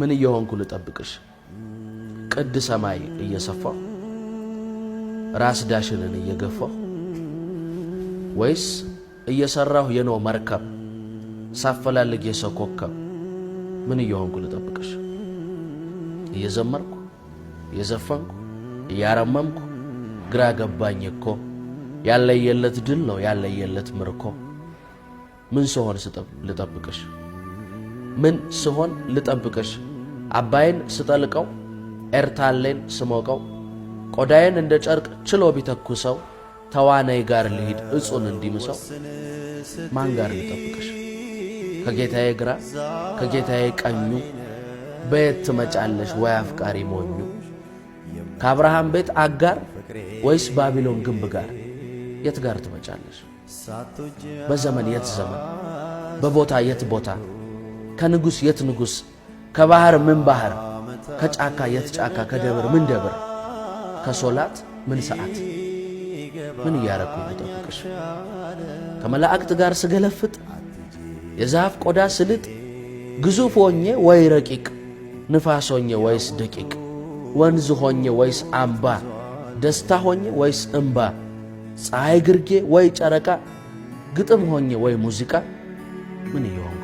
ምን እየሆንኩ ልጠብቅሽ? ቅድ ሰማይ እየሰፋሁ ራስ ዳሽንን እየገፋሁ ወይስ እየሰራሁ የኖ መርከብ ሳፈላልግ የሰው ኮከብ ምን እየሆንኩ ልጠብቅሽ? እየዘመርኩ እየዘፈንኩ እያረመምኩ ግራ ገባኝ እኮ ያለየለት ድል ነው ያለየለት ምርኮ ምን ስሆን ልጠብቅሽ? ምን ስሆን ልጠብቅሽ? አባይን ስጠልቀው ኤርታሌን ስሞቀው ቆዳዬን እንደ ጨርቅ ችሎ ቢተኩሰው ተዋናይ ጋር ልሂድ እጹን እንዲምሰው ማን ጋር ልጠብቅሽ? ከጌታዬ ግራ ከጌታዬ ቀኙ በየት ትመጫለሽ ወይ አፍቃሪ ሞኙ? ከአብርሃም ቤት አጋር ወይስ ባቢሎን ግንብ ጋር የት ጋር ትመጫለሽ? በዘመን የት ዘመን በቦታ የት ቦታ ከንጉስ የት ንጉስ፣ ከባህር ምን ባህር፣ ከጫካ የት ጫካ፣ ከደብር ምን ደብር፣ ከሶላት ምን ሰዓት፣ ምን እያረኩ ብጠብቅሽ፣ ከመላእክት ጋር ስገለፍጥ፣ የዛፍ ቆዳ ስልጥ፣ ግዙፍ ሆኜ ወይ ረቂቅ፣ ንፋስ ሆኜ ወይስ ደቂቅ፣ ወንዝ ሆኜ ወይስ አምባ፣ ደስታ ሆኜ ወይስ እምባ፣ ፀሐይ ግርጌ ወይ ጨረቃ፣ ግጥም ሆኜ ወይ ሙዚቃ ምን እየሆንኩ